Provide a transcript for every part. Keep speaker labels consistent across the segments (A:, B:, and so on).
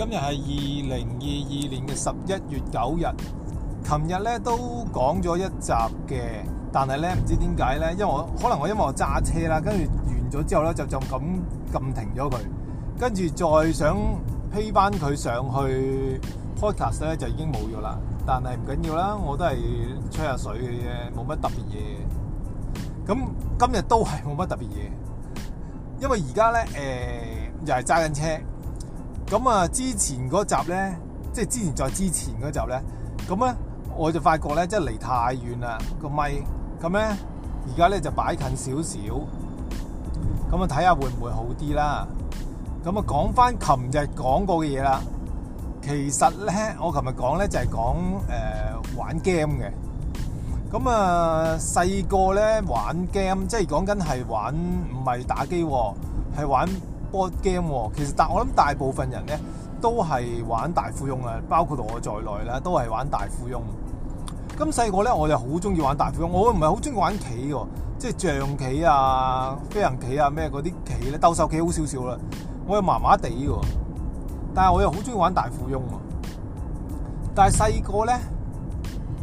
A: 今日係二零二二年嘅十一月九日，琴日咧都講咗一集嘅，但係咧唔知點解咧，因為我可能我因為我揸車啦，跟住完咗之後咧就就咁撳停咗佢，跟住再想披翻佢上去 podcast 咧就已經冇咗啦。但係唔緊要啦，我都係吹下水嘅，啫，冇乜特別嘢。咁今日都係冇乜特別嘢，因為而家咧誒又係揸緊車。咁啊，之前嗰集咧，即係之前再之前嗰集咧，咁咧，啊，我就發覺咧，即係離太遠啦，這個咪，咁咧，而家咧就擺近少少，咁啊睇下會唔會好啲啦。咁啊講返琴日講過嘅嘢啦，其實咧我琴日講咧就係講誒玩 game 嘅，咁啊細個咧玩 game，即係講緊係玩唔係打機，啊，係玩。board game 其實，但我諗大部分人咧都係玩大富翁啊，包括我在內啦，都係玩大富翁。咁細個咧，我就好中意玩大富翁。我唔係好中意玩棋嘅，即係象棋啊、飛行棋啊咩嗰啲棋咧，鬥獸棋好少少啦。我又麻麻地嘅，但係我又好中意玩大富翁。但係細個咧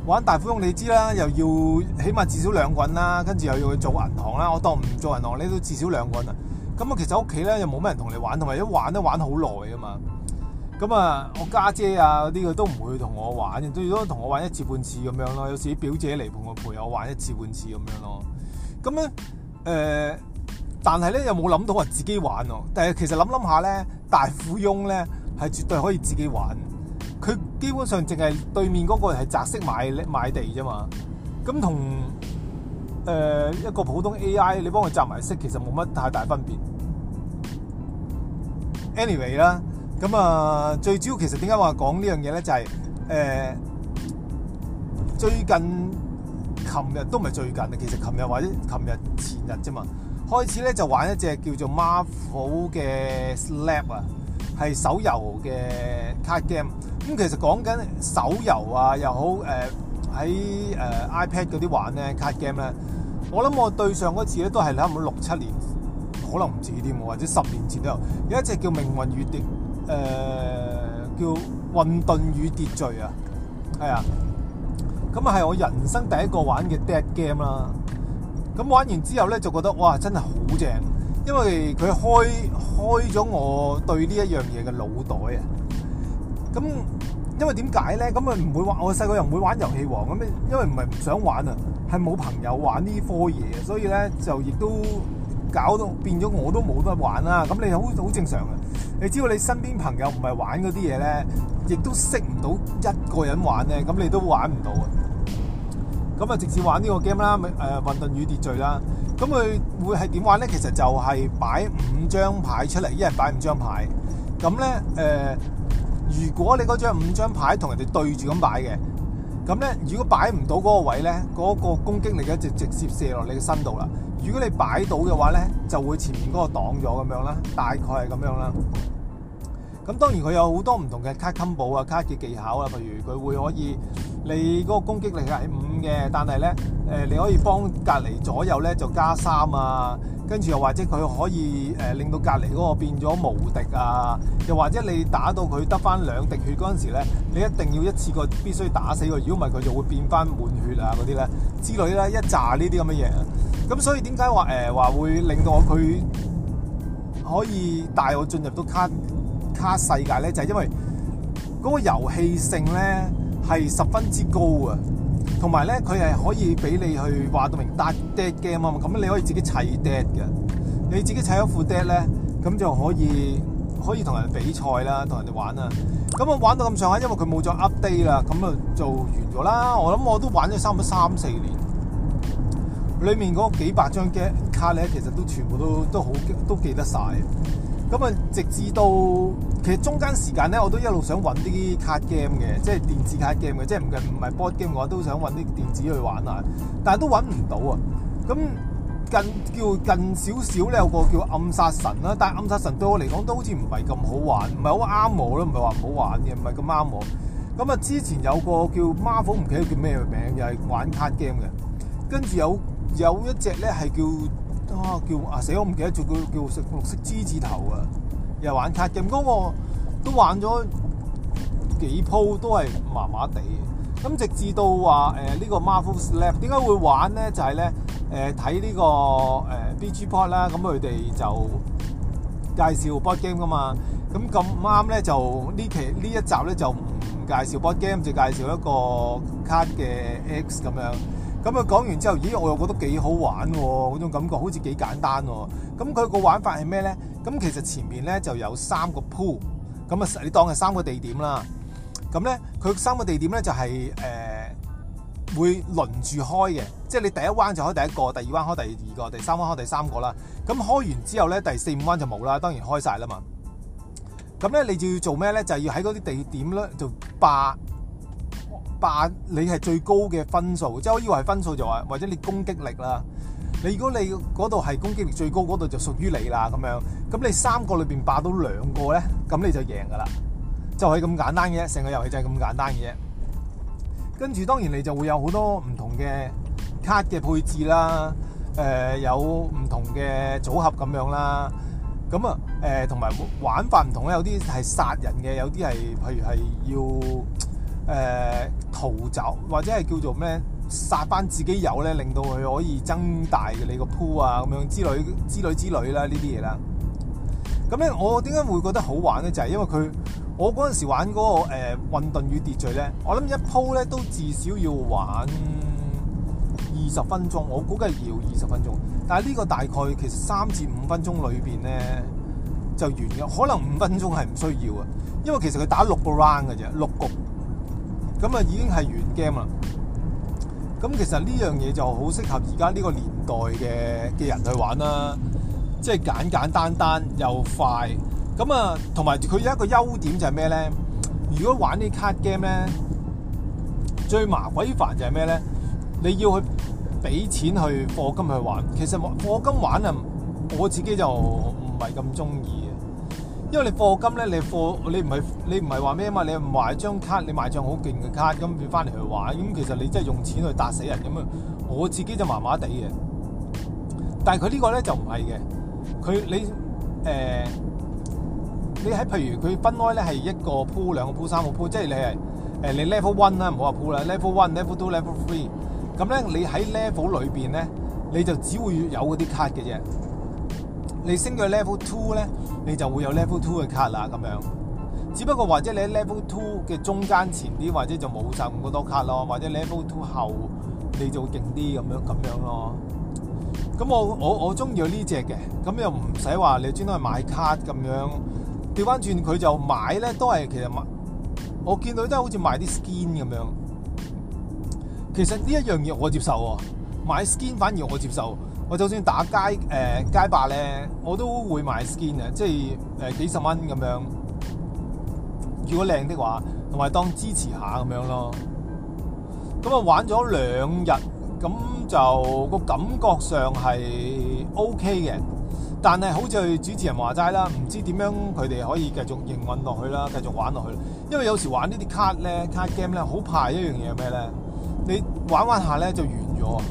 A: 玩大富翁，你知啦，又要起碼至少兩滾啦，跟住又要去做銀行啦。我當唔做銀行咧，都至少兩滾啊。咁啊，其實屋企咧又冇咩人同你玩，同埋一玩都玩好耐啊嘛。咁啊，我家姐啊嗰啲佢都唔會同我玩，最多同我玩一次半次咁樣咯。有時表姐嚟陪我陪我玩一次半次咁樣咯。咁咧誒，但係咧又冇諗到話自己玩喎。但係其實諗諗下咧，大富翁咧係絕對可以自己玩。佢基本上淨係對面嗰個人係擲色買，買地啫嘛。咁同。誒、呃、一個普通 AI，你幫佢集埋色，其實冇乜太大分別。Anyway 啦，咁啊，最主要其實點解話講呢樣嘢咧？就係、是、誒、呃、最近，琴日都唔係最近，其實琴日或者琴日前日啫嘛，開始咧就玩一隻叫做 Marvel 嘅 Slap、嗯、啊，係手遊嘅 Card Game。咁其實講緊手遊啊又好，誒喺誒 iPad 嗰啲玩咧 Card Game 咧。我諗我對上嗰次咧，都係差唔多六七年，可能唔止添，或者十年前都有。有一隻叫命運與秩，誒叫混沌與秩序啊，係啊。咁係我人生第一個玩嘅 dead game 啦。咁玩完之後咧，就覺得哇，真係好正，因為佢開開咗我對呢一樣嘢嘅腦袋啊。咁因為點解咧？咁啊唔會話，我細個又唔會玩遊戲王咁，因為唔係唔想玩啊，係冇朋友玩呢科嘢，所以咧就亦都搞到變咗我都冇得玩啦。咁你好好正常啊。你只要你身邊朋友唔係玩嗰啲嘢咧，亦都識唔到一個人玩咧，咁你都玩唔到啊。咁啊，直接玩呢個 game 啦，誒，運動與秩序啦。咁佢會係點玩咧？其實就係擺五張牌出嚟，一人擺五張牌。咁咧，誒、呃。如果你嗰張五張牌同人哋對住咁擺嘅，咁咧如果擺唔到嗰個位咧，嗰個攻擊力咧就直接射落你嘅身度啦。如果你擺到嘅話咧，就會前面嗰個擋咗咁樣啦，大概係咁樣啦。咁當然佢有好多唔同嘅卡 combo 啊、卡嘅技巧啊，譬如佢會可以你嗰個攻擊力係五嘅，但係咧誒你可以幫隔離左右咧就加三啊。跟住又或者佢可以誒令到隔籬嗰個變咗無敵啊，又或者你打到佢得翻兩滴血嗰陣時咧，你一定要一次過必須打死佢，如果唔係佢就會變翻滿血啊嗰啲咧之類咧、啊、一炸呢啲咁嘅嘢。咁所以點解話誒話會令到我佢可以帶我進入到卡卡世界咧？就係、是、因為嗰個遊戲性咧係十分之高啊！同埋咧，佢係可以俾你去話到明搭 dead game 啊嘛，咁你可以自己砌 dead 嘅，你自己砌一副 dead 咧，咁就可以可以同人比賽啦，同人哋玩啦。咁啊玩到咁上下，因為佢冇咗 update 啦，咁啊做完咗啦。我諗我都玩咗差唔多三四年，裏面嗰幾百張 game 卡咧，其實都全部都都好都記得曬。咁啊，直至到其實中間時間咧，我都一路想揾啲卡 game 嘅，即係電子卡 game 嘅，即係唔係 board game 嘅，我都想揾啲電子去玩啊。但係都揾唔到啊。咁近叫近少少咧，有個叫暗殺神啦。但係暗殺神對我嚟講都好似唔係咁好玩，唔係好啱我咯。唔係話唔好玩嘅，唔係咁啱我。咁啊，之前有個叫 Marvel 唔記得叫咩名，又係玩卡 game 嘅。跟住有有一隻咧係叫。啊，叫啊死我！我唔記得做個叫食綠色之字頭啊，又玩卡咁 a、嗰個、都玩咗幾鋪都係麻麻地嘅。咁直至到話呢、呃這個 Marvel Snap 點解會玩咧？就係咧睇呢、呃、個 BGPod 啦，咁佢哋就介紹 board game 噶嘛。咁咁啱咧就呢期呢一集咧就唔介紹 board game，就介紹一個卡嘅 X 咁樣。咁佢講完之後，咦，我又覺得幾好玩喎，嗰種感覺好似幾簡單喎。咁佢個玩法係咩咧？咁其實前面咧就有三個鋪，咁啊，你當係三個地點啦。咁咧，佢三個地點咧就係、是、誒、呃、會輪住開嘅，即係你第一彎就開第一個，第二彎開第二個，第三彎開第三個啦。咁開完之後咧，第四五彎就冇啦，當然開晒啦嘛。咁咧，你就要做咩咧？就係要喺嗰啲地點咧做霸。霸你係最高嘅分數，即係我以為係分數就話或者你攻擊力啦。你如果你嗰度係攻擊力最高嗰度就屬於你啦咁樣。咁你三個裏邊霸到兩個咧，咁你就贏噶啦，就係、是、咁簡單嘅啫。成個遊戲就係咁簡單嘅啫。跟住當然你就會有好多唔同嘅卡嘅配置啦，誒、呃、有唔同嘅組合咁樣啦。咁啊誒同埋玩法唔同咧，有啲係殺人嘅，有啲係譬如係要。誒、呃、逃走或者係叫做咩殺翻自己友咧，令到佢可以增大嘅你個鋪啊，咁樣之類，之類之類之類啦。呢啲嘢啦，咁咧我點解會覺得好玩咧？就係、是、因為佢我嗰陣時玩嗰、那個誒混沌與秩序咧，我諗一鋪咧都至少要玩二十分鐘，我估計要二十分鐘。但係呢個大概其實三至五分鐘裏邊咧就完咗，可能五分鐘係唔需要啊，因為其實佢打六個 round 嘅啫，六局。咁啊，已經係原 game 啦。咁其實呢樣嘢就好適合而家呢個年代嘅嘅人去玩啦。即係簡簡單單又快。咁啊，同埋佢有一個優點就係咩咧？如果玩啲卡 game 咧，最麻鬼煩就係咩咧？你要去俾錢去課金去玩。其實課金玩啊，我自己就唔係咁中意嘅。因為你課金咧，你課你唔係你唔係話咩啊嘛，你唔買張卡，你買張好勁嘅卡，咁佢翻嚟去玩，咁其實你真係用錢去殺死人咁啊！我自己就麻麻地嘅，但係佢呢個咧就唔係嘅，佢你誒、呃、你喺譬如佢分開咧係一個鋪兩個鋪三個鋪，即係你係誒你 level one 啦，唔好話鋪啦，level one level two level three，咁咧你喺 level 裏邊咧，你就只會有嗰啲卡嘅啫。你升到 level two 咧，你就會有 level two 嘅卡啦咁樣。只不過或者你喺 level two 嘅中間前啲，或者就冇晒咁多卡咯，或者 level two 後你就會勁啲咁樣咁樣咯。咁我我我中意呢隻嘅，咁又唔使話你專登去買卡咁樣。調翻轉佢就買咧，都係其實買。我見到都係好似買啲 skin 咁樣。其實呢一樣嘢我接受，買 skin 反而我接受。我就算打街誒、呃、街霸咧，我都會買 skin 嘅，即係誒、呃、幾十蚊咁樣。如果靚的話，同埋當支持下咁樣咯。咁啊，玩咗兩日，咁、那、就個感覺上係 OK 嘅，但係好似主持人話齋啦，唔知點樣佢哋可以繼續營運落去啦，繼續玩落去。因為有時玩呢啲卡咧，卡 game 咧，好怕一樣嘢係咩咧？你玩玩下咧就完咗，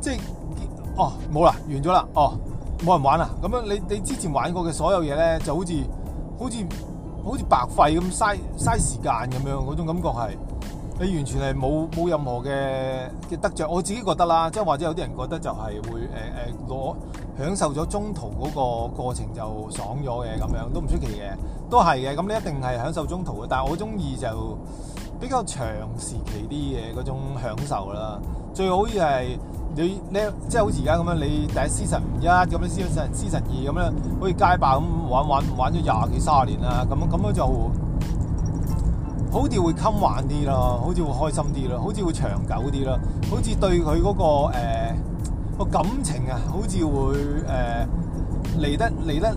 A: 即係哦，冇啦，完咗啦，哦，冇人玩啦，咁樣，你你之前玩過嘅所有嘢咧，就好似好似好似白費咁嘥嘥時間咁樣，嗰種感覺係，你完全係冇冇任何嘅嘅得着，我自己覺得啦，即係或者有啲人覺得就係會誒誒攞享受咗中途嗰個過程就爽咗嘅咁樣，都唔出奇嘅，都係嘅，咁你一定係享受中途嘅，但係我中意就比較長時期啲嘢嗰種享受啦，最好係。就你你即係好似而家咁樣，你第一 season 一咁，你 season 一 season 二咁咧，好似街霸咁玩玩玩咗廿幾三十年啦，咁咁樣，樣就好似會襟玩啲咯，好似會開心啲咯，好似會長久啲咯，好似對佢嗰、嗰個誒、呃嗰個、感情啊，好似會誒嚟得嚟得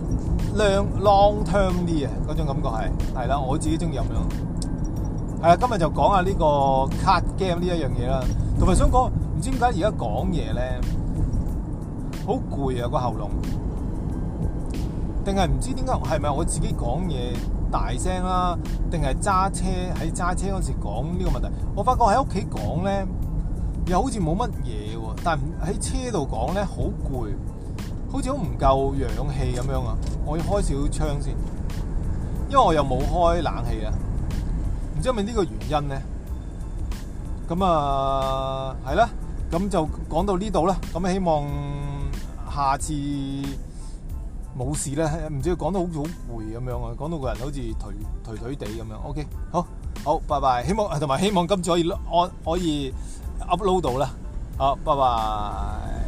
A: long long term 啲啊，嗰種感覺係係啦，我自己中意咁樣。係啊，今日就講下呢個 card game 呢一樣嘢啦，同埋想講。唔知點解而家講嘢咧，好攰啊個喉嚨，定係唔知點解係咪我自己講嘢大聲啦、啊？定係揸車喺揸車嗰時講呢個問題？我發覺喺屋企講咧，又好似冇乜嘢喎，但係喺車度講咧好攰，好似好唔夠氧氣咁樣啊！我要開少窗先，因為我又冇開冷氣啊。唔知係咪呢個原因咧？咁啊，係啦、啊。咁就講到呢度啦，咁希望下次冇事啦，唔知佢講到好好攰咁樣啊，講到個人好似頹頹頹地咁樣。OK，好，好，拜拜，希望同埋希望今次可以安可以 upload 到啦，好，拜拜。